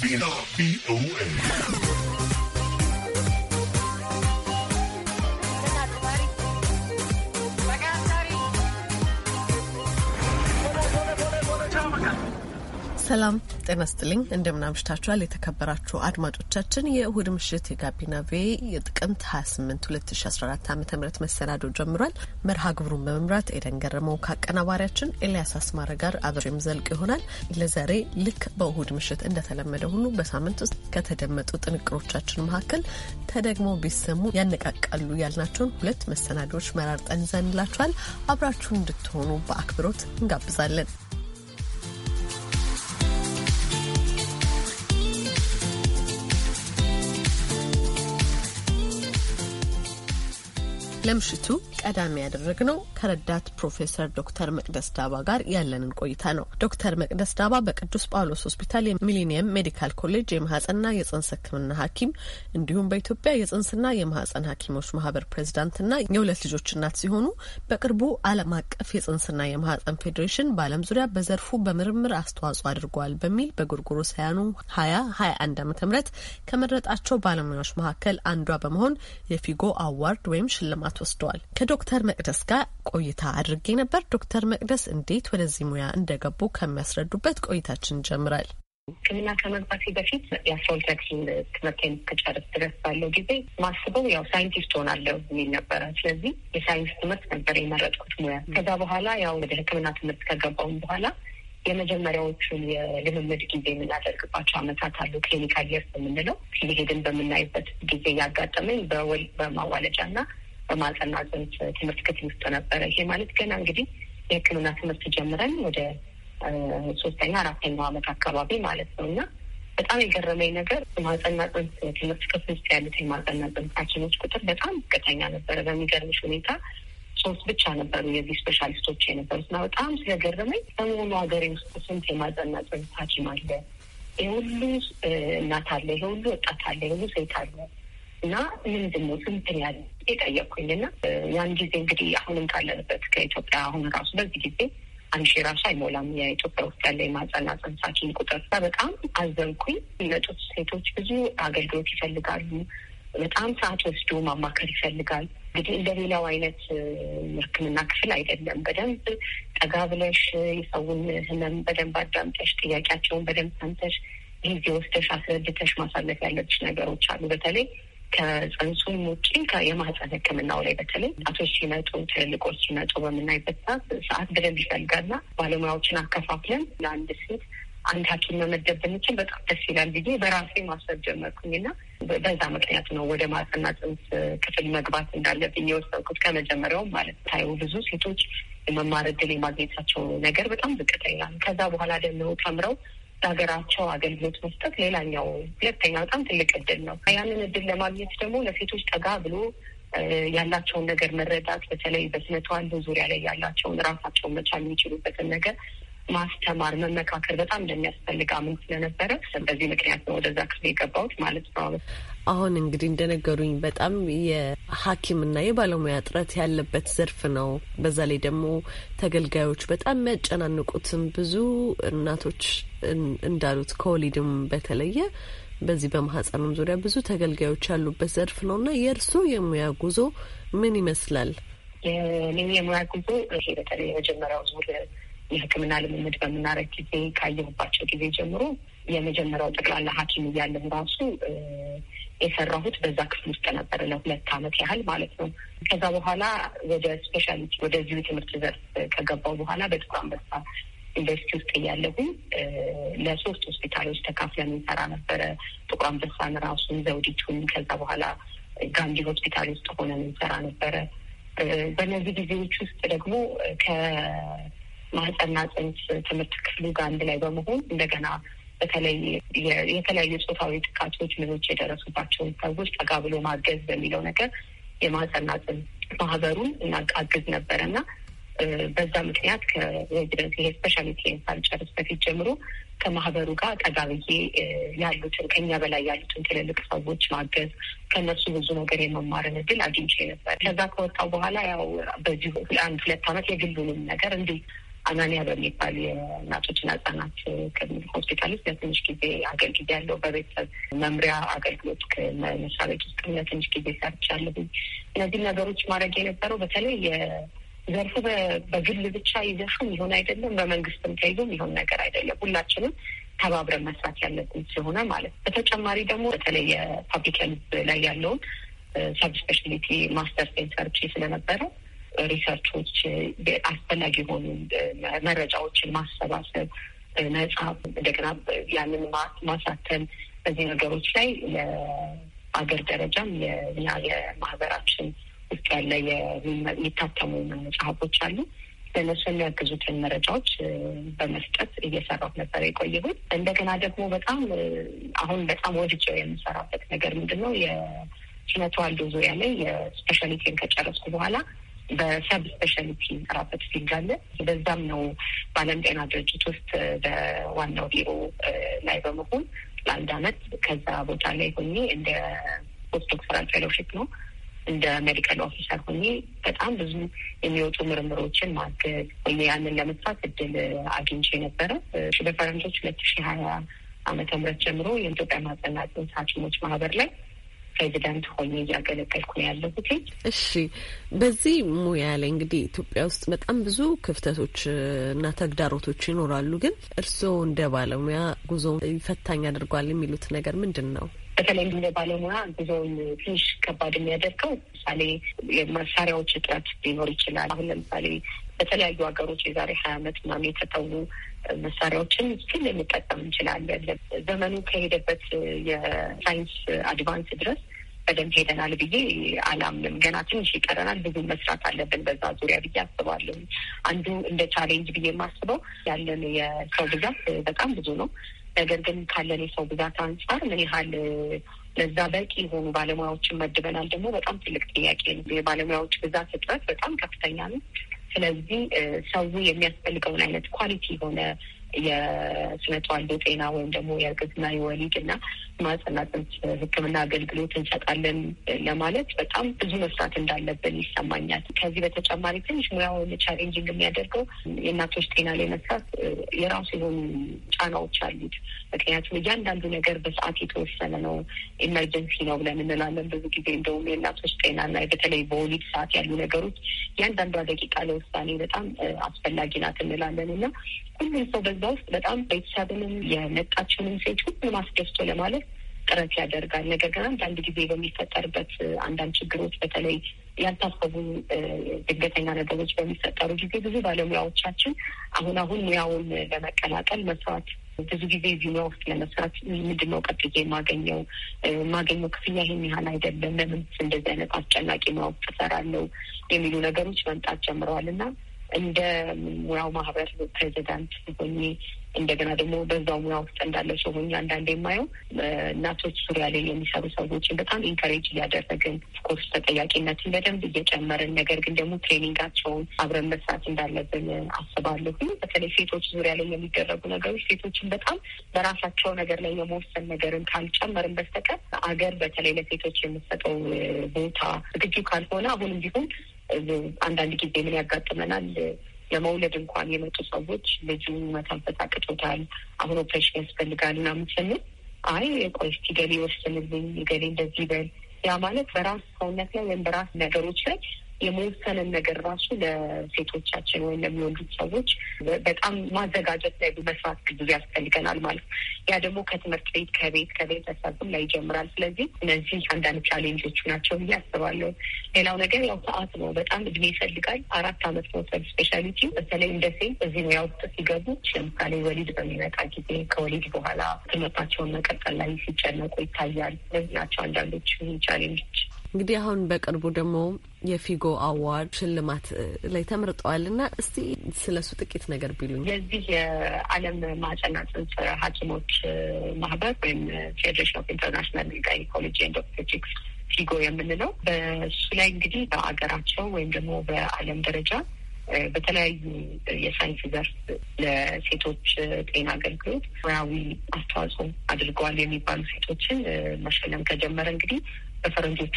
Bambino B-O-A. ሰላም ጤና ስጥልኝ። አምሽታችኋል? የተከበራችሁ አድማጮቻችን የእሁድ ምሽት የጋቢና ቬ የጥቅምት 28 2014 ዓ ም መሰናዶ ጀምሯል። መርሃ ግብሩን በመምራት ኤደን ገረመው ከአቀናባሪያችን ኤልያስ አስማረ ጋር አብሬም ዘልቅ ይሆናል። ለዛሬ ልክ በእሁድ ምሽት እንደተለመደ ሁሉ በሳምንት ውስጥ ከተደመጡ ጥንቅሮቻችን መካከል ተደግሞ ቢሰሙ ያነቃቃሉ ያልናቸውን ሁለት መሰናዶዎች መራርጠን ይዘንላችኋል። አብራችሁ እንድትሆኑ በአክብሮት እንጋብዛለን። ለምሽቱ ቀዳሚ ያደረግነው ከረዳት ፕሮፌሰር ዶክተር መቅደስ ዳባ ጋር ያለንን ቆይታ ነው። ዶክተር መቅደስ ዳባ በቅዱስ ጳውሎስ ሆስፒታል የሚሊኒየም ሜዲካል ኮሌጅ የማህጸንና የጽንስ ሕክምና ሐኪም እንዲሁም በኢትዮጵያ የጽንስና የማህጸን ሐኪሞች ማህበር ፕሬዚዳንትና የሁለት ልጆች እናት ሲሆኑ በቅርቡ ዓለም አቀፍ የጽንስና የማህጸን ፌዴሬሽን በዓለም ዙሪያ በዘርፉ በምርምር አስተዋጽኦ አድርገዋል በሚል ሳያኑ ሀያ ሀያ አንድ ዓመተ ምህረት ከመረጣቸው ባለሙያዎች መካከል አንዷ በመሆን የፊጎ አዋርድ ወይም ሽልማት ስልጠናት ወስደዋል። ከዶክተር መቅደስ ጋር ቆይታ አድርጌ ነበር። ዶክተር መቅደስ እንዴት ወደዚህ ሙያ እንደገቡ ከሚያስረዱበት ቆይታችን ይጀምራል። ሕክምና ከመግባቴ በፊት የአስራ ትምህርቴን እስክጨርስ ድረስ ባለው ጊዜ ማስበው ያው ሳይንቲስት ሆናለሁ የሚል ነበረ። ስለዚህ የሳይንስ ትምህርት ነበር የመረጥኩት ሙያ። ከዛ በኋላ ያው ወደ ሕክምና ትምህርት ከገባውም በኋላ የመጀመሪያዎቹን የልምምድ ጊዜ የምናደርግባቸው ዓመታት አሉ። ክሊኒካል የርስ የምንለው ሲሄድን በምናይበት ጊዜ ያጋጠመኝ በወል በማዋለጃ እና በማህፀንና ጽንስ ትምህርት ክፍል ውስጥ ነበረ። ይሄ ማለት ገና እንግዲህ የሕክምና ትምህርት ጀምረን ወደ ሶስተኛ አራተኛው ዓመት አካባቢ ማለት ነው እና በጣም የገረመኝ ነገር ማህፀንና ጽንስ ትምህርት ክፍል ውስጥ ያሉት የማህፀንና ጽንስ ሐኪሞች ቁጥር በጣም ዝቅተኛ ነበረ። በሚገርምሽ ሁኔታ ሶስት ብቻ ነበሩ የዚህ ስፔሻሊስቶች የነበሩት እና በጣም ስለገረመኝ በመሆኑ ሀገሬ ውስጥ ስንት የማህፀንና ጽንስ ሐኪም አለ? የሁሉ ሁሉ እናት አለ፣ የሁሉ ሁሉ ወጣት አለ፣ የሁሉ ሁሉ ሴት አለ እና ምንድን ነው ስንት ያለ የጠየቅኩኝና ያን ጊዜ እንግዲህ አሁንም ካለንበት ከኢትዮጵያ አሁን ራሱ በዚህ ጊዜ ሺ ራሱ አይሞላም። የኢትዮጵያ ውስጥ ያለ የማጸና ጽንሳችን ቁጥር ና በጣም አዘንኩኝ። የሚመጡት ሴቶች ብዙ አገልግሎት ይፈልጋሉ። በጣም ሰዓት ወስዶ ማማከር ይፈልጋል። እንግዲህ እንደ ሌላው አይነት ሕክምና ክፍል አይደለም። በደንብ ጠጋ ብለሽ የሰውን ህመም በደንብ አዳምጠሽ፣ ጥያቄያቸውን በደንብ ሰምተሽ፣ ጊዜ ወስደሽ አስረድተሽ ማሳለፍ ያለብሽ ነገሮች አሉ በተለይ ከጽንሱም ውጪ የማህፀን ሕክምናው ላይ በተለይ ጣቶች ሲመጡ ትልልቆች ሲመጡ በምናይበት ሰዓት ሰዓት በደንብ ይፈልጋልና ባለሙያዎችን አከፋፍለን ለአንድ ሴት አንድ ሐኪም መመደብ ብንችል በጣም ደስ ይላል ብዬ በራሴ ማሰብ ጀመርኩኝና በዛ ምክንያት ነው ወደ ማህፀንና ጽንስ ክፍል መግባት እንዳለብኝ የወሰንኩት ከመጀመሪያውም ማለት ታዩ ብዙ ሴቶች የመማር እድል የማግኘታቸው ነገር በጣም ዝቅተኛል። ከዛ በኋላ ደግሞ ተምረው ለሀገራቸው አገልግሎት መስጠት ሌላኛው ሁለተኛ በጣም ትልቅ እድል ነው። ያንን እድል ለማግኘት ደግሞ ለሴቶች ጠጋ ብሎ ያላቸውን ነገር መረዳት በተለይ በስነ ተዋልዶ ዙሪያ ላይ ያላቸውን ራሳቸውን መቻል የሚችሉበትን ነገር ማስተማር፣ መመካከር በጣም እንደሚያስፈልግ አምን ስለነበረ በዚህ ምክንያት ነው ወደዛ ክፍል የገባሁት ማለት ነው። አሁን እንግዲህ እንደነገሩኝ በጣም የሐኪምና የባለሙያ እጥረት ያለበት ዘርፍ ነው። በዛ ላይ ደግሞ ተገልጋዮች በጣም የሚያጨናንቁትም ብዙ እናቶች እንዳሉት ከወሊድም በተለየ በዚህ በማህፀኑም ዙሪያ ብዙ ተገልጋዮች ያሉበት ዘርፍ ነው እና የእርስዎ የሙያ ጉዞ ምን ይመስላል? የሙያ ጉዞ ይሄ በተለይ የመጀመሪያው ዙር የሕክምና ልምምድ በምናረግ ጊዜ ካየሁባቸው ጊዜ ጀምሮ የመጀመሪያው ጠቅላላ ሐኪም እያለሁ ራሱ የሰራሁት በዛ ክፍል ውስጥ ነበር ለሁለት ዓመት ያህል ማለት ነው። ከዛ በኋላ ወደ ስፔሻሊቲ ወደዚሁ ትምህርት ዘርፍ ከገባው በኋላ በጥቁር አንበሳ ዩኒቨርሲቲ ውስጥ እያለሁኝ ለሶስት ሆስፒታሎች ተካፍለን እንሰራ ነበረ። ጥቁር አንበሳን ራሱን፣ ዘውዲቱን ከዛ በኋላ ጋንዲ ሆስፒታል ውስጥ ሆነን እንሰራ ነበረ። በእነዚህ ጊዜዎች ውስጥ ደግሞ ማህፀንና ጽንስ ትምህርት ክፍሉ ጋር አንድ ላይ በመሆን እንደገና በተለይ የተለያዩ ጾታዊ ጥቃቶች ምኖች የደረሱባቸውን ሰዎች ጠጋ ብሎ ማገዝ በሚለው ነገር የማህፀንና ጽንስ ማህበሩን እናቃግዝ ነበረ እና በዛ ምክንያት ከሬዚደንት ይሄ ስፔሻሊቲ ሳልጨርስ በፊት ጀምሮ ከማህበሩ ጋር ጠጋ ብዬ ያሉትን ከኛ በላይ ያሉትን ትልልቅ ሰዎች ማገዝ ከነሱ ብዙ ነገር የመማርን እድል አግኝቼ ነበር። ከዛ ከወጣው በኋላ ያው በዚሁ አንድ ሁለት ዓመት የግሉንም ነገር እንዲህ አናንያ በሚባል የእናቶችና ህጻናት ከሚል ሆስፒታል ውስጥ ለትንሽ ጊዜ አገልግል ያለው በቤተሰብ መምሪያ አገልግሎት መስሪያ ቤት ውስጥ ለትንሽ ጊዜ ሰርቻለሁ። እነዚህ ነገሮች ማድረግ የነበረው በተለይ የዘርፉ በግል ብቻ ይዘፉም ይሆን አይደለም፣ በመንግስትም ተይዞም ይሆን ነገር አይደለም። ሁላችንም ተባብረን መስራት ያለብን ስለሆነ ማለት ነው። በተጨማሪ ደግሞ በተለይ የፓብሊክ ሄልዝ ላይ ያለውን ሰብስፔሻሊቲ ማስተር ሴንተር ስለነበረው ሪሰርቾች፣ አስፈላጊ የሆኑ መረጃዎችን ማሰባሰብ፣ መጽሐፍ፣ እንደገና ያንን ማሳተም በዚህ ነገሮች ላይ ለአገር ደረጃም የኛ የማህበራችን ውስጥ ያለ የሚታተሙ መጽሐፎች አሉ። ለነሱ የሚያግዙትን መረጃዎች በመስጠት እየሰራሁ ነበር የቆየሁት። እንደገና ደግሞ በጣም አሁን በጣም ወድጀው የምሰራበት ነገር ምንድን ነው? የስነ ተዋልዶ ዙሪያ ላይ የስፔሻሊቲን ከጨረስኩ በኋላ በሰብ ስፔሻሊቲ ራበት ፊልድ በዛም ነው በዓለም ጤና ድርጅት ውስጥ በዋናው ቢሮ ላይ በመሆን ለአንድ አመት ከዛ ቦታ ላይ ሆኜ እንደ ፖስት ዶክተራል ፌሎሺፕ ነው እንደ ሜዲካል ኦፊሰር ሆኜ በጣም ብዙ የሚወጡ ምርምሮችን ማገዝ ወይ ያንን ለመስራት እድል አግኝቼ ነበረ። በፈረንጆች ሁለት ሺ ሀያ አመተ ምህረት ጀምሮ የኢትዮጵያ ማህጸንና ሐኪሞች ማህበር ላይ ፕሬዚዳንት ሆኜ እያገለገልኩ ነው ያለሁት። እሺ፣ በዚህ ሙያ ላይ እንግዲህ ኢትዮጵያ ውስጥ በጣም ብዙ ክፍተቶች እና ተግዳሮቶች ይኖራሉ። ግን እርስዎ እንደ ባለሙያ ጉዞ ፈታኝ አድርጓል የሚሉት ነገር ምንድን ነው? በተለይ እንደ ባለሙያ ጉዞውን ትንሽ ከባድ የሚያደርገው ለምሳሌ የመሳሪያዎች እጥረት ሊኖር ይችላል። አሁን ለምሳሌ በተለያዩ ሀገሮች የዛሬ ሀያ ዓመት ምናምን የተተዉ መሳሪያዎችን ስል የሚጠቀም እንችላለን። ዘመኑ ከሄደበት የሳይንስ አድቫንስ ድረስ በደንብ ሄደናል ብዬ አላምንም። ገና ትንሽ ይቀረናል፣ ብዙ መስራት አለብን በዛ ዙሪያ ብዬ አስባለሁ። አንዱ እንደ ቻሌንጅ ብዬ የማስበው ያለን የሰው ብዛት በጣም ብዙ ነው። ነገር ግን ካለን የሰው ብዛት አንጻር ምን ያህል ለዛ በቂ የሆኑ ባለሙያዎችን መድበናል ደግሞ በጣም ትልቅ ጥያቄ ነው። የባለሙያዎች ብዛት እጥረት በጣም ከፍተኛ ነው። ስለዚህ ሰው የሚያስፈልገውን አይነት ኳሊቲ የሆነ የስነ ተዋልዶ ጤና ወይም ደግሞ የእርግዝና የወሊድ እና ማህጸንና ጽንስ ሕክምና አገልግሎት እንሰጣለን ለማለት በጣም ብዙ መስራት እንዳለብን ይሰማኛል። ከዚህ በተጨማሪ ትንሽ ሙያውን ቻሌንጅንግ የሚያደርገው የእናቶች ጤና ላይ መስራት የራሱ የሆኑ ጫናዎች አሉት። ምክንያቱም እያንዳንዱ ነገር በሰዓት የተወሰነ ነው። ኤመርጀንሲ ነው ብለን እንላለን ብዙ ጊዜ እንደውም የእናቶች ጤናና በተለይ በወሊድ ሰዓት ያሉ ነገሮች እያንዳንዷ ደቂቃ ለውሳኔ በጣም አስፈላጊ ናት እንላለን እና ሁሉም ሰው በዛ ውስጥ በጣም ቤተሰብንም የመጣችውንም ሴት ሁሉም አስደስቶ ለማለት ጥረት ያደርጋል። ነገር ግን አንዳንድ ጊዜ በሚፈጠርበት አንዳንድ ችግሮች በተለይ ያልታሰቡ ድንገተኛ ነገሮች በሚፈጠሩ ጊዜ ብዙ ባለሙያዎቻችን አሁን አሁን ሙያውን ለመቀላቀል መስዋዕት ብዙ ጊዜ እዚህ ሙያ ውስጥ ለመስራት ምንድን ነው ቀጥዬ የማገኘው የማገኘው ክፍያ ይህን ያህል አይደለም፣ ለምን እንደዚህ አይነት አስጨናቂ ሙያ ውስጥ እሰራለሁ የሚሉ ነገሮች መምጣት ጀምረዋል እና እንደ ሙያው ማህበር ፕሬዚዳንት ሆኜ እንደገና ደግሞ በዛው ሙያ ውስጥ እንዳለ ሰው ሆኜ አንዳንድ የማየው እናቶች ዙሪያ ላይ የሚሰሩ ሰዎችን በጣም ኢንከሬጅ እያደረግን ኮርስ ተጠያቂነትን በደንብ እየጨመርን ነገር ግን ደግሞ ትሬኒንጋቸውን አብረን መስራት እንዳለብን አስባለሁ። በተለይ ሴቶች ዙሪያ ላይ የሚደረጉ ነገሮች ሴቶችን በጣም በራሳቸው ነገር ላይ የመወሰን ነገርን ካልጨመርን በስተቀር አገር በተለይ ለሴቶች የምሰጠው ቦታ ዝግጁ ካልሆነ አሁንም ቢሆን አንዳንድ ጊዜ ምን ያጋጥመናል? ለመውለድ እንኳን የመጡ ሰዎች ልጁ መተንፈስ አቅቶታል፣ አሁን ኦፕሬሽን ያስፈልጋል ምናምን ስንል አይ ቆይ እስኪ ገሌ ወስንልኝ፣ ገሌ እንደዚህ በል። ያ ማለት በራስ ሰውነት ላይ ወይም በራስ ነገሮች ላይ የመወሰንን ነገር ራሱ ለሴቶቻችን ወይም ለሚወልዱት ሰዎች በጣም ማዘጋጀት ላይ መስራት ጊዜ ያስፈልገናል ማለት ነው። ያ ደግሞ ከትምህርት ቤት፣ ከቤት ከቤተሰብም ላይ ይጀምራል። ስለዚህ እነዚህ አንዳንድ ቻሌንጆቹ ናቸው ብዬ አስባለሁ። ሌላው ነገር ያው ሰዓት ነው። በጣም እድሜ ይፈልጋል። አራት አመት መውሰድ ስፔሻሊቲ በተለይ እንደ ሴት እዚህ ሙያ ውስጥ ሲገቡ ለምሳሌ ወሊድ በሚመጣ ጊዜ ከወሊድ በኋላ ትምህርታቸውን መቀጠል ላይ ሲጨነቁ ይታያል። እነዚህ ናቸው አንዳንዶች ቻሌንጆች እንግዲህ አሁን በቅርቡ ደግሞ የፊጎ አዋርድ ሽልማት ላይ ተመርጠዋል እና እስቲ ስለሱ ጥቂት ነገር ቢሉኝ። የዚህ የዓለም ማህጸንና ጽንስ ሐኪሞች ማህበር ወይም ፌዴሬሽን ኦፍ ኢንተርናሽናል ጋይኒኮሎጂ ኤንድ ኦብስቴትሪክስ ፊጎ የምንለው በሱ ላይ እንግዲህ በአገራቸው ወይም ደግሞ በዓለም ደረጃ በተለያዩ የሳይንስ ዘርፍ ለሴቶች ጤና አገልግሎት ሙያዊ አስተዋጽኦ አድርገዋል የሚባሉ ሴቶችን መሸለም ከጀመረ እንግዲህ በፈረንጆቹ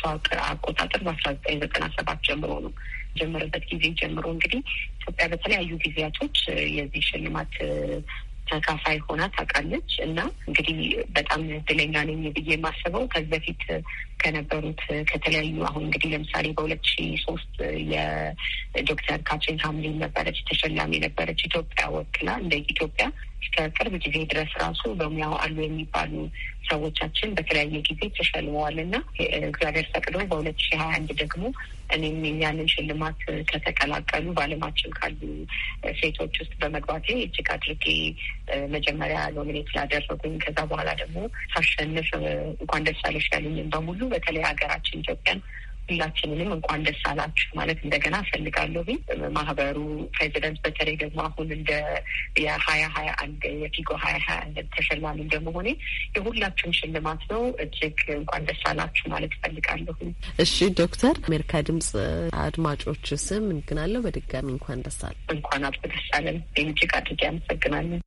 አቆጣጠር በአስራ ዘጠኝ ዘጠና ሰባት ጀምሮ ነው ጀመረበት ጊዜ ጀምሮ እንግዲህ ኢትዮጵያ በተለያዩ ጊዜያቶች የዚህ ሽልማት ተካፋይ ሆና ታውቃለች እና እንግዲህ በጣም እድለኛ ነኝ ብዬ የማስበው ከዚህ በፊት ከነበሩት ከተለያዩ አሁን እንግዲህ ለምሳሌ በሁለት ሺ ሶስት የዶክተር ካቼን ሀምሊን ነበረች ተሸላሚ ነበረች ኢትዮጵያ ወክላ እንደ ኢትዮጵያ እስከ ቅርብ ጊዜ ድረስ ራሱ በሙያው አሉ የሚባሉ ሰዎቻችን በተለያየ ጊዜ ተሸልመዋል እና እግዚአብሔር ፈቅዶ በሁለት ሺህ ሀያ አንድ ደግሞ እኔም ያንን ሽልማት ከተቀላቀሉ በዓለማችን ካሉ ሴቶች ውስጥ በመግባቴ እጅግ አድርጌ መጀመሪያ ኖሚኔት ላደረጉኝ ከዛ በኋላ ደግሞ ሳሸንፍ እንኳን ደስ አለሽ ያሉኝም በሙሉ በተለይ ሀገራችን ኢትዮጵያን ሁላችንንም እንኳን ደስ አላችሁ ማለት እንደገና እፈልጋለሁ። ማህበሩ ፕሬዚደንት በተለይ ደግሞ አሁን እንደ የሀያ ሀያ አንድ የፊጎ ሀያ ሀያ አንድ ተሸላሚ እንደመሆኔ የሁላችሁም ሽልማት ነው። እጅግ እንኳን ደስ አላችሁ ማለት እፈልጋለሁ። እሺ ዶክተር አሜሪካ ድምጽ አድማጮች ስም እንግናለሁ በድጋሚ እንኳን ደስ አለ እንኳን አብ ደስ አለን። እጅግ አድርጌ አመሰግናለን።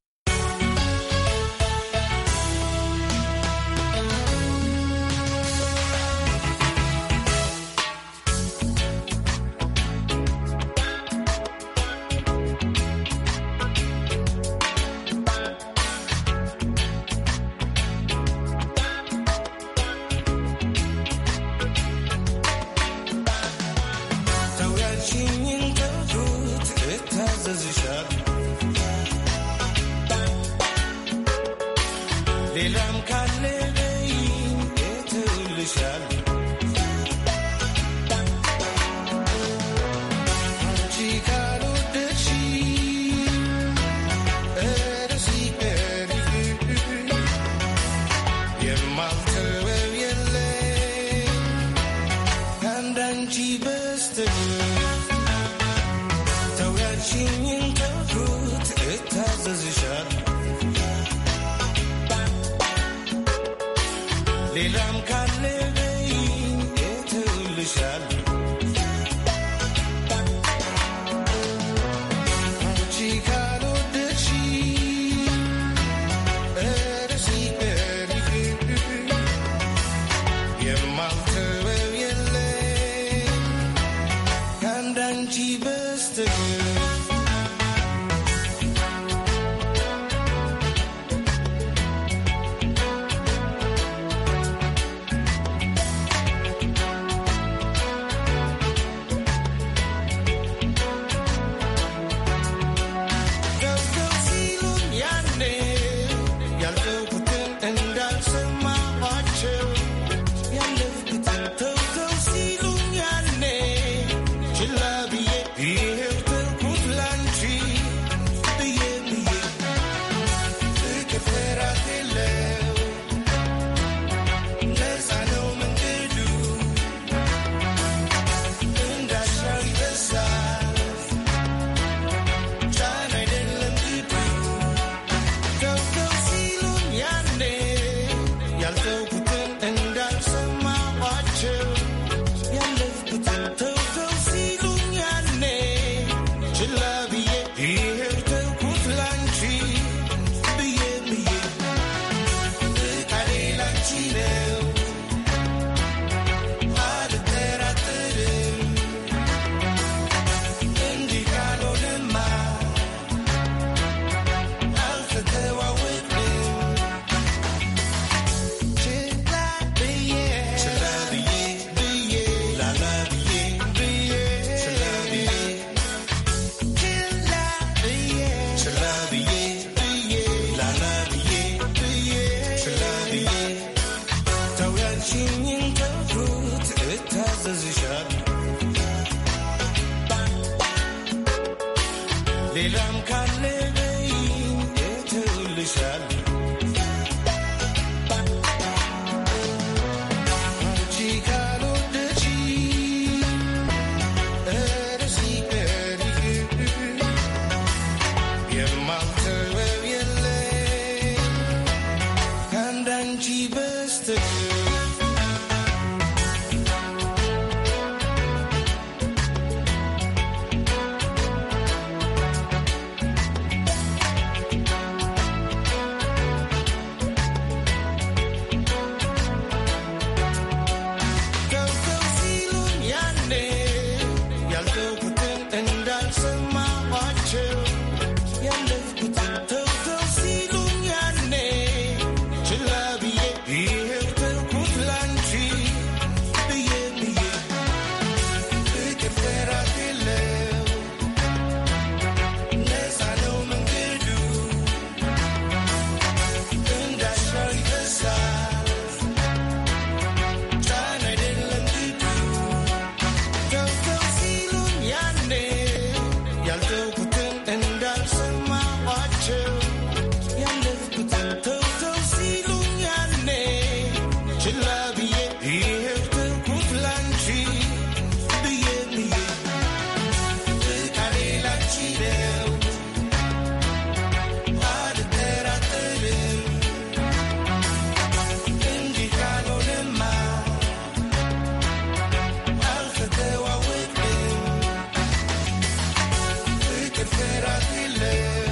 que será, dile.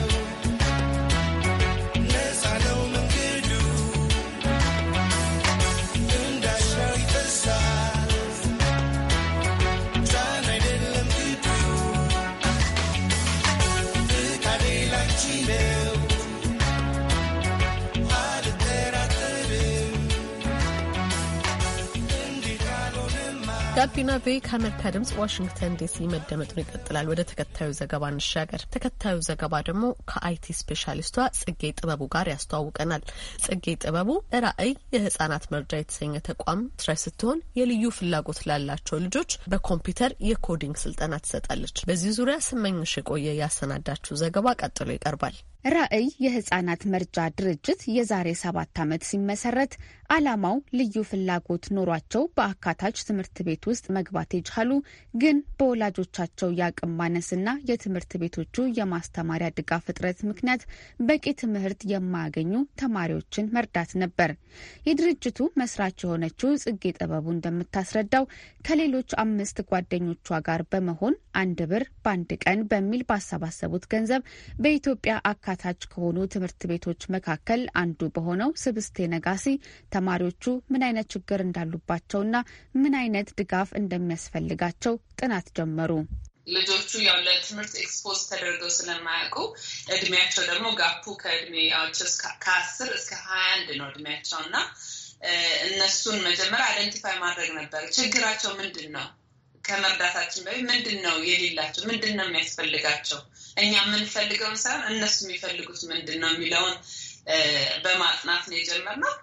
ጋቢና ቤ ከአሜሪካ ድምጽ ዋሽንግተን ዲሲ መደመጡን ይቀጥላል። ወደ ተከታዩ ዘገባ እንሻገር። ተከታዩ ዘገባ ደግሞ ከአይቲ ስፔሻሊስቷ ጽጌ ጥበቡ ጋር ያስተዋውቀናል። ጽጌ ጥበቡ ራዕይ የህጻናት መርጃ የተሰኘ ተቋም ትረስ ስትሆን የልዩ ፍላጎት ላላቸው ልጆች በኮምፒውተር የኮዲንግ ስልጠና ትሰጣለች። በዚህ ዙሪያ ስመኝሽ የቆየ ያሰናዳችው ዘገባ ቀጥሎ ይቀርባል። ራዕይ የህጻናት መርጃ ድርጅት የዛሬ ሰባት ዓመት ሲመሰረት ዓላማው ልዩ ፍላጎት ኖሯቸው በአካታች ትምህርት ቤት ውስጥ መግባት የቻሉ ግን በወላጆቻቸው የአቅም ማነስና የትምህርት ቤቶቹ የማስተማሪያ ድጋፍ እጥረት ምክንያት በቂ ትምህርት የማያገኙ ተማሪዎችን መርዳት ነበር። የድርጅቱ መስራች የሆነችው ጽጌ ጥበቡ እንደምታስረዳው ከሌሎች አምስት ጓደኞቿ ጋር በመሆን አንድ ብር በአንድ ቀን በሚል ባሰባሰቡት ገንዘብ በኢትዮጵያ አካ በታች ከሆኑ ትምህርት ቤቶች መካከል አንዱ በሆነው ስብስቴ ነጋሲ ተማሪዎቹ ምን አይነት ችግር እንዳሉባቸውና ምን አይነት ድጋፍ እንደሚያስፈልጋቸው ጥናት ጀመሩ። ልጆቹ ያው ለትምህርት ኤክስፖዝ ተደርገው ስለማያውቁ እድሜያቸው ደግሞ ጋፑ ከእድሜያቸው ከአስር እስከ ሀያ አንድ ነው እድሜያቸው እና እነሱን መጀመሪያ አይደንቲፋይ ማድረግ ነበር። ችግራቸው ምንድን ነው? ከመርዳታችን በፊት ምንድን ነው የሌላቸው፣ ምንድን ነው የሚያስፈልጋቸው፣ እኛ የምንፈልገውን ሳይሆን እነሱ የሚፈልጉት ምንድን ነው የሚለውን በማጥናት ነው የጀመርነው።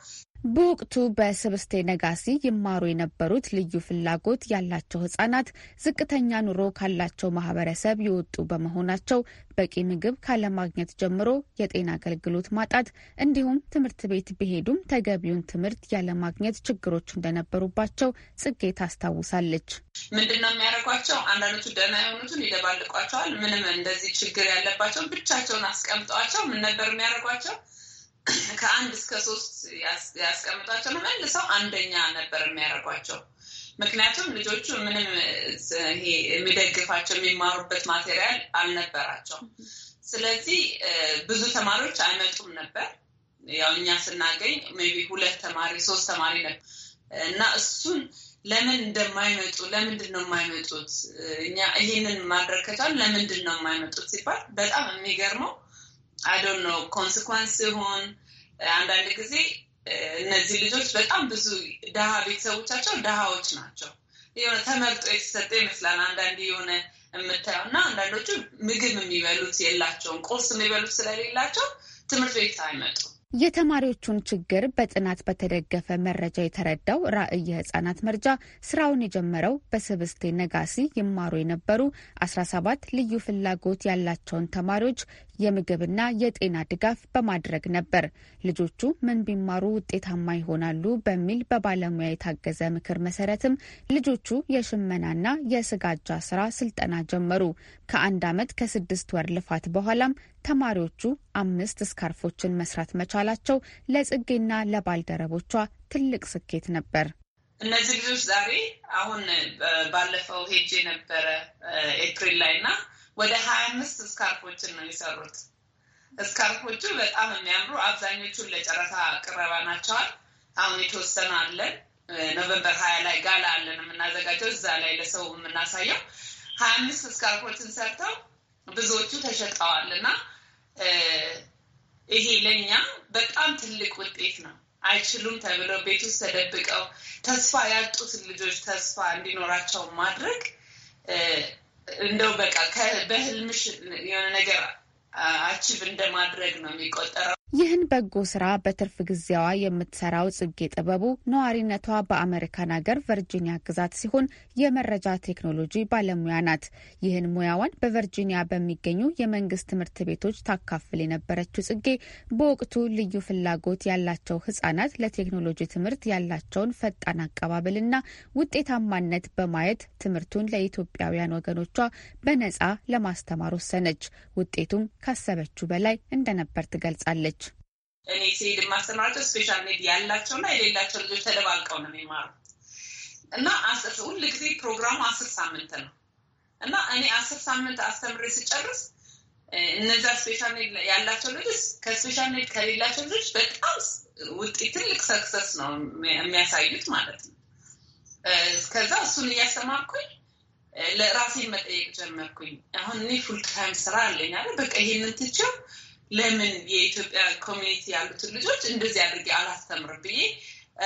በወቅቱ በስብስቴ ነጋሲ ይማሩ የነበሩት ልዩ ፍላጎት ያላቸው ህጻናት ዝቅተኛ ኑሮ ካላቸው ማህበረሰብ የወጡ በመሆናቸው በቂ ምግብ ካለማግኘት ጀምሮ የጤና አገልግሎት ማጣት እንዲሁም ትምህርት ቤት ቢሄዱም ተገቢውን ትምህርት ያለማግኘት ችግሮች እንደነበሩባቸው ጽጌ ታስታውሳለች። ምንድን ነው የሚያደርጓቸው? አንዳንዶቹ ደህና የሆኑትን ይደባልቋቸዋል። ምንም እንደዚህ ችግር ያለባቸው ብቻቸውን አስቀምጠዋቸው ምን ነበር የሚያደርጓቸው? ከአንድ እስከ ሶስት ያስቀምጧቸው መልሰው አንደኛ ነበር የሚያደርጓቸው። ምክንያቱም ልጆቹ ምንም የሚደግፋቸው የሚማሩበት ማቴሪያል አልነበራቸው። ስለዚህ ብዙ ተማሪዎች አይመጡም ነበር። ያው እኛ ስናገኝ ሜይ ቢ ሁለት ተማሪ ሶስት ተማሪ ነበር እና እሱን ለምን እንደማይመጡ ለምንድን ነው የማይመጡት? እኛ ይሄንን ማድረግ ከቻሉ ለምንድን ነው የማይመጡት ሲባል በጣም የሚገርመው አይዶን ነው ኮንስኳንስ ሲሆን አንዳንድ ጊዜ እነዚህ ልጆች በጣም ብዙ ድሃ ቤተሰቦቻቸው ድሃዎች ናቸው። የሆነ ተመርጦ የተሰጠ ይመስላል አንዳንድ የሆነ የምታየው እና አንዳንዶቹ ምግብ የሚበሉት የላቸውም። ቁርስ የሚበሉት ስለሌላቸው ትምህርት ቤት አይመጡ። የተማሪዎቹን ችግር በጥናት በተደገፈ መረጃ የተረዳው ራዕይ የህጻናት መርጃ ስራውን የጀመረው በስብስቴ ነጋሲ ይማሩ የነበሩ 17 ልዩ ፍላጎት ያላቸውን ተማሪዎች የምግብና የጤና ድጋፍ በማድረግ ነበር። ልጆቹ ምን ቢማሩ ውጤታማ ይሆናሉ በሚል በባለሙያ የታገዘ ምክር መሰረትም ልጆቹ የሽመናና የስጋጃ ስራ ስልጠና ጀመሩ። ከአንድ ዓመት ከስድስት ወር ልፋት በኋላም ተማሪዎቹ አምስት ስካርፎችን መስራት መቻላቸው ለጽጌና ለባልደረቦቿ ትልቅ ስኬት ነበር። እነዚህ ልጆች ዛሬ አሁን ባለፈው ሄጄ ነበረ ኤፕሪል ላይ ና ወደ ሀያ አምስት እስካርፎችን ነው የሰሩት። እስካርፎቹ በጣም የሚያምሩ አብዛኞቹን ለጨረታ ቅረባ ናቸዋል። አሁን የተወሰነ አለን። ኖቨምበር ሀያ ላይ ጋላ አለን የምናዘጋጀው እዛ ላይ ለሰው የምናሳየው ሀያ አምስት ስካርፎችን ሰርተው ብዙዎቹ ተሸጠዋል እና ይሄ ለእኛ በጣም ትልቅ ውጤት ነው። አይችሉም ተብለው ቤት ውስጥ ተደብቀው ተስፋ ያጡትን ልጆች ተስፋ እንዲኖራቸው ማድረግ እንደው በቃ በህልምሽ የሆነ ነገር አቺቭ እንደማድረግ ነው የሚቆጠረው ይህን በጎ ስራ በትርፍ ጊዜዋ የምትሰራው ጽጌ ጥበቡ ነዋሪነቷ በአሜሪካን ሀገር ቨርጂኒያ ግዛት ሲሆን የመረጃ ቴክኖሎጂ ባለሙያ ናት። ይህን ሙያዋን በቨርጂኒያ በሚገኙ የመንግስት ትምህርት ቤቶች ታካፍል የነበረችው ጽጌ በወቅቱ ልዩ ፍላጎት ያላቸው ህጻናት ለቴክኖሎጂ ትምህርት ያላቸውን ፈጣን አቀባበልና ውጤታማነት በማየት ትምህርቱን ለኢትዮጵያውያን ወገኖቿ በነጻ ለማስተማር ወሰነች። ውጤቱም ካሰበችው በላይ እንደነበር ትገልጻለች። እኔ ሲሄድ የማስተምራቸው ስፔሻል ኔድ ያላቸው እና የሌላቸው ልጆች ተደባልቀው ነው የሚማሩ እና ሁል ጊዜ ፕሮግራሙ አስር ሳምንት ነው እና እኔ አስር ሳምንት አስተምሬ ስጨርስ እነዛ ስፔሻል ኔድ ያላቸው ልጆች ከስፔሻል ኔድ ከሌላቸው ልጆች በጣም ውጤት ትልቅ ሰክሰስ ነው የሚያሳዩት ማለት ነው። ከዛ እሱን እያስተማርኩኝ ለራሴን መጠየቅ ጀመርኩኝ። አሁን እኔ ፉልታይም ስራ አለኝ አለ በቃ ይሄንን ትቼው ለምን የኢትዮጵያ ኮሚኒቲ ያሉትን ልጆች እንደዚህ አድርጌ አላስተምር ብዬ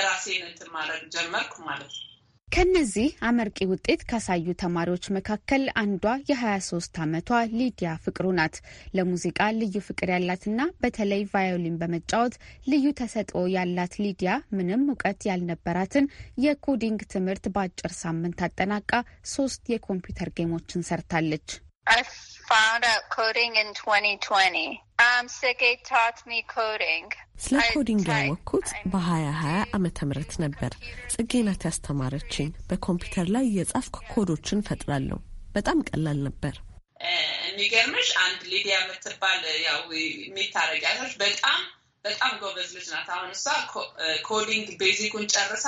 ራሴን እንትን ማድረግ ጀመርኩ ማለት ነው። ከነዚህ አመርቂ ውጤት ካሳዩ ተማሪዎች መካከል አንዷ የ23 ዓመቷ ሊዲያ ፍቅሩ ናት። ለሙዚቃ ልዩ ፍቅር ያላትና በተለይ ቫዮሊን በመጫወት ልዩ ተሰጥኦ ያላት ሊዲያ ምንም እውቀት ያልነበራትን የኮዲንግ ትምህርት በአጭር ሳምንት አጠናቃ ሶስት የኮምፒውተር ጌሞችን ሰርታለች። I found out coding in 2020. Um, Sege taught me coding. ስለ ኮዲንግ ያወቅኩት በ2020 ዓመተ ምህረት ነበር። ጽጌ ናት ያስተማረችኝ። በኮምፒውተር ላይ የጻፍኩ ኮዶችን ፈጥራለሁ። በጣም ቀላል ነበር። የሚገርምሽ አንድ ሊዲያ የምትባል ያው የሚታረጊያቶች በጣም በጣም ጎበዝ ልጅ ናት። አሁን እሷ ኮዲንግ ቤዚኩን ጨርሳ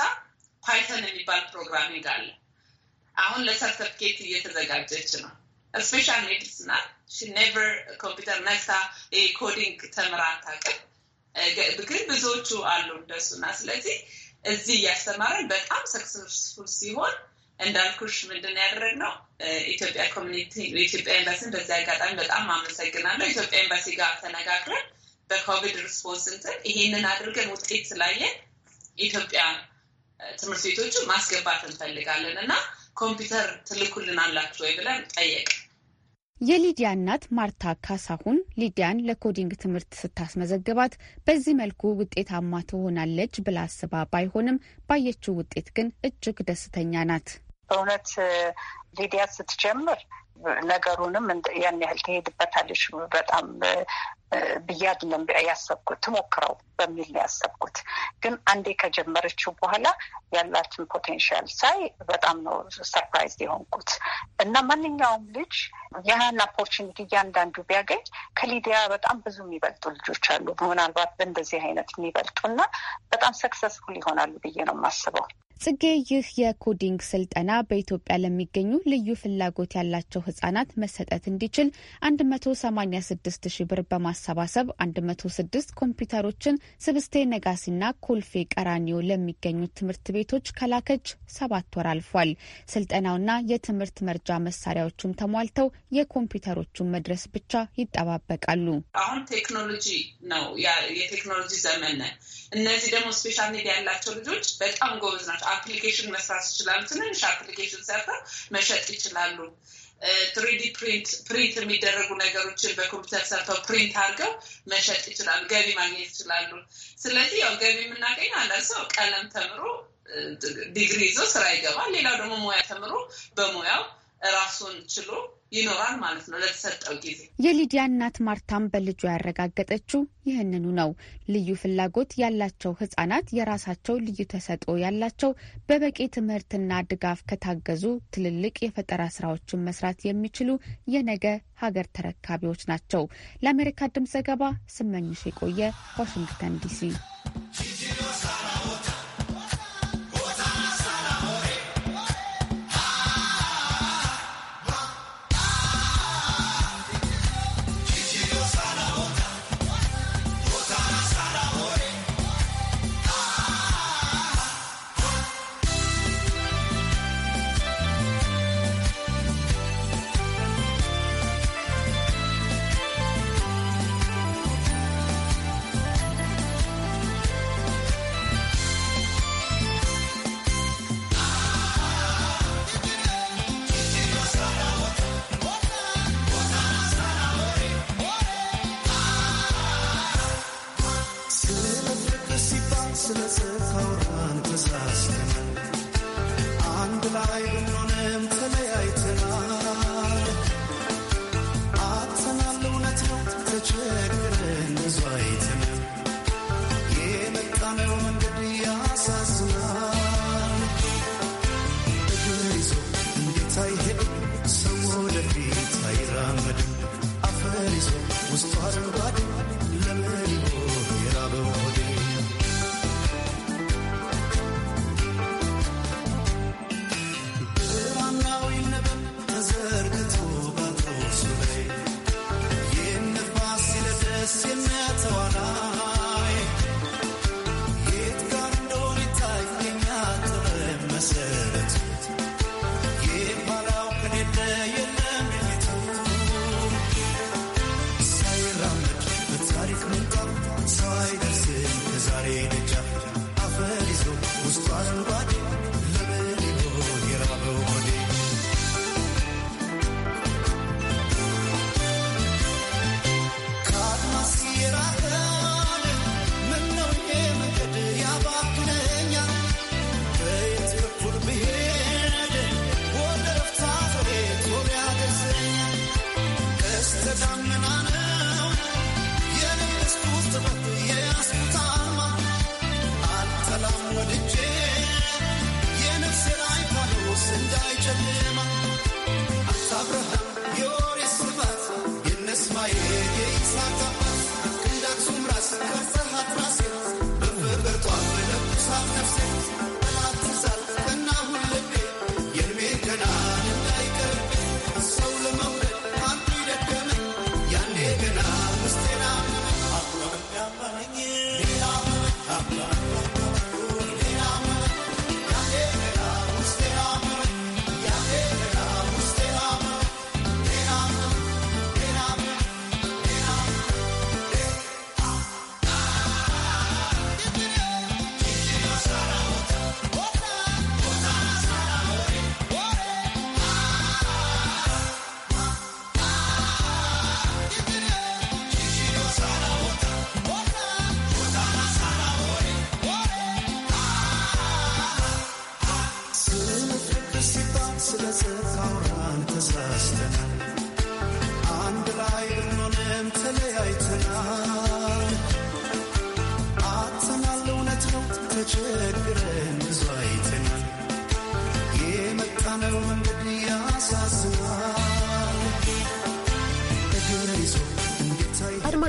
ፓይተን የሚባል ፕሮግራሚንግ አለ። አሁን ለሰርተፍኬት እየተዘጋጀች ነው ስፔሻል ኔድስ ናት። ኔቨር ኮምፒውተር ነክታ ኮዲንግ ተምራ አታውቅም። eh, ግን ብዙዎቹ አሉ እንደሱና ስለዚህ እዚህ እያስተማረን በጣም ሰክሰስፉል ሲሆን እንዳልኩሽ ምንድን ነው ያደረግነው? Eh, ኢትዮጵያ ኮሚኒቲ ኢትዮጵያ ኤምባሲን በዚህ አጋጣሚ በጣም አመሰግናለሁ። ኢትዮጵያ ኤምባሲ ጋር ተነጋግረን በኮቪድ ሪስፖንስ እንትን ይሄንን አድርገን ውጤት ስላየን ኢትዮጵያ eh, ትምህርት ቤቶቹ ማስገባት እንፈልጋለን እና ኮምፒውተር ትልኩልን አላችሁ ወይ ብለን ጠየቅ የሊዲያ እናት ማርታ ካሳሁን ሊዲያን ለኮዲንግ ትምህርት ስታስመዘግባት በዚህ መልኩ ውጤታማ ትሆናለች ብላ አስባ ባይሆንም ባየችው ውጤት ግን እጅግ ደስተኛ ናት። በእውነት ሊዲያ ስትጀምር ነገሩንም ያን ያህል ትሄድበታለች በጣም ብዬ አይደለም ያሰብኩት ትሞክረው በሚል ነው ያሰብኩት። ግን አንዴ ከጀመረችው በኋላ ያላትን ፖቴንሻል ሳይ በጣም ነው ሰርፕራይዝ የሆንኩት እና ማንኛውም ልጅ ያህን ኦፖርቹኒቲ እያንዳንዱ ቢያገኝ ከሊዲያ በጣም ብዙ የሚበልጡ ልጆች አሉ፣ ምናልባት በእንደዚህ አይነት የሚበልጡ እና በጣም ሰክሰስፉል ይሆናሉ ብዬ ነው የማስበው። ጽጌ ይህ የኮዲንግ ስልጠና በኢትዮጵያ ለሚገኙ ልዩ ፍላጎት ያላቸው ህጻናት መሰጠት እንዲችል 186 ሺ ብር በማሰባሰብ 106 ኮምፒውተሮችን ስብስቴ ነጋሲና ኮልፌ ቀራኒዮ ለሚገኙ ትምህርት ቤቶች ከላከች ሰባት ወር አልፏል። ስልጠናውና የትምህርት መርጃ መሳሪያዎቹም ተሟልተው የኮምፒውተሮቹን መድረስ ብቻ ይጠባበቃሉ። አሁን ቴክኖሎጂ ነው፣ የቴክኖሎጂ ዘመን ነን። እነዚህ ደግሞ ስፔሻል ኒድ ያላቸው ልጆች በጣም ጎበዝ ናቸው። አፕሊኬሽን መስራት ይችላሉ። ትንንሽ አፕሊኬሽን ሰርተው መሸጥ ይችላሉ። ትሪዲ ፕሪንት ፕሪንት የሚደረጉ ነገሮችን በኮምፒውተር ሰርተው ፕሪንት አድርገው መሸጥ ይችላሉ። ገቢ ማግኘት ይችላሉ። ስለዚህ ያው ገቢ የምናገኘው አንዳንድ ሰው ቀለም ተምሮ ዲግሪ ይዞ ስራ ይገባል። ሌላው ደግሞ ሙያ ተምሮ በሙያው ራሱን ችሎ ይኖራል ማለት ነው ለተሰጠው ጊዜ። የሊዲያ እናት ማርታም በልጁ ያረጋገጠችው ይህንኑ ነው። ልዩ ፍላጎት ያላቸው ህጻናት የራሳቸው ልዩ ተሰጥኦ ያላቸው በበቂ ትምህርትና ድጋፍ ከታገዙ ትልልቅ የፈጠራ ስራዎችን መስራት የሚችሉ የነገ ሀገር ተረካቢዎች ናቸው። ለአሜሪካ ድምጽ ዘገባ ስመኝሽ የቆየ ዋሽንግተን ዲሲ።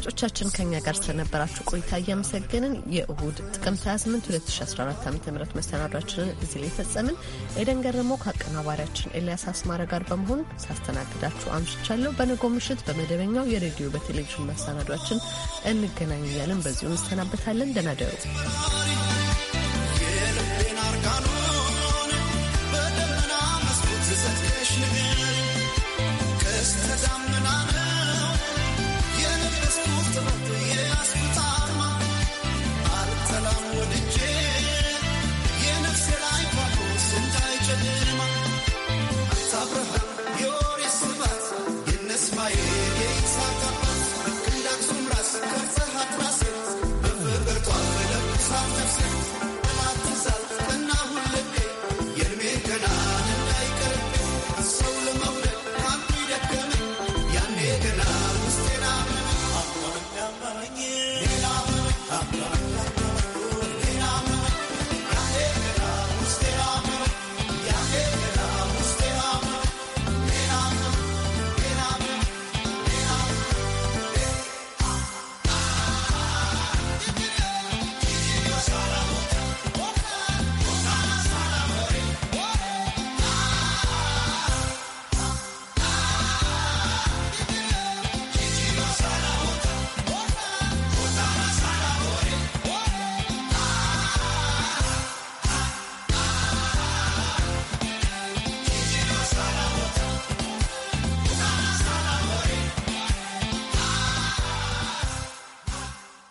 አድማጮቻችን ከኛ ጋር ስለነበራችሁ ቆይታ እያመሰገንን የእሁድ ጥቅምት 28 2014 ዓ ም መሰናዷችንን እዚህ ላይ ፈጸምን። ኤደን ገረመው ከአቀናባሪያችን ኤልያስ አስማረ ጋር በመሆን ሳስተናግዳችሁ አምሽቻለሁ። በንጎ ምሽት በመደበኛው የሬዲዮ በቴሌቪዥን መሰናዷችን እንገናኝ እያለን በዚሁ እንሰናበታለን። ደናደሩ ደሩ።